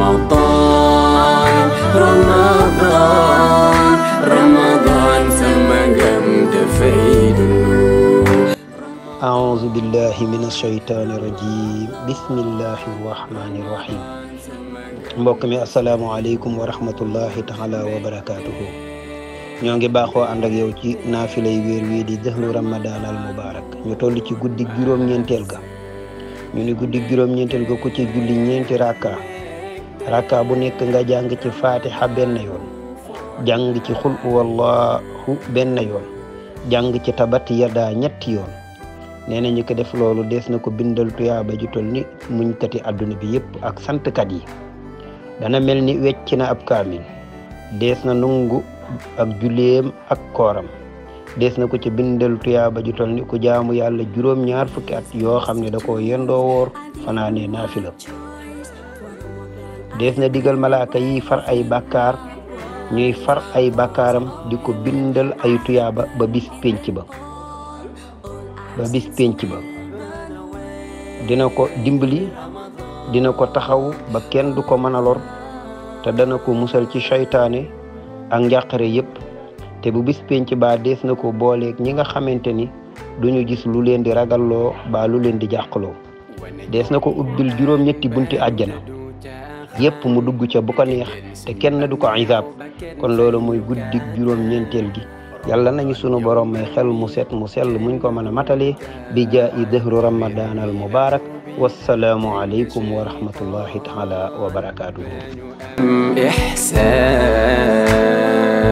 رمضان رمضان رمضان sama ngëm dafay dund أعوذ بالله mbokk mi asalaamaaleykum wa rahmatullahi taala wa barakaatuhu ñoo ngi baaxoo ànd ak yow ci naafilay wéer wii di dëxlu ramadan al mubarak ñu toll ci guddi juróom-ñeenteel ga ñu ni guddi juróom-ñeenteel ga ku ci julli ñeenti rakka rakka bu nekk nga jàng ci fatiha benn yoon jàng ci xul wallahu benn yoon jàng ci tabat yada ñetti yoon nee na ko def loolu des na ko bindal tuyaaba ju tol ni muñkati adduna bi yépp ak santkat yi dana mel ni wecc na ab kaamil des na nungu ak julleem ak kooram des na ko ci bindal tuyaaba ju tol ni ku jaamu yàlla juróom-ñaar fukki at yoo xam ne da koo yendoo woor fanaanee naafila def na digal malaaka yiy far ay bàkkaar ñuy far ay bàkkaaram di ko bindal ay tuyaaba ba bis pénc ba ba bis ba dina ko dimbali dina ko taxaw ba kenn du ko mën a te dana ko musal ci seytaane ak njàqare yépp te bu bis pénc ba dees na ko booleeg ñi nga xamante ni duñu gis lu leen di ragalloo ba lu leen di jàqloo dees na ko ubbil juróom-ñetti bunti àjjana yépp mu dugg ca bu ko neex te kenn du ko isaab kon loolu mooy guddig juróom-ñeenteel gi yàlla nañu sunu borom may xel mu set mu sell muñ ko mën a matale bi jaa'i dëhru ramadan al mubarak wassalaamu aleykum wa rahmatullahi taala wa barakaatuhu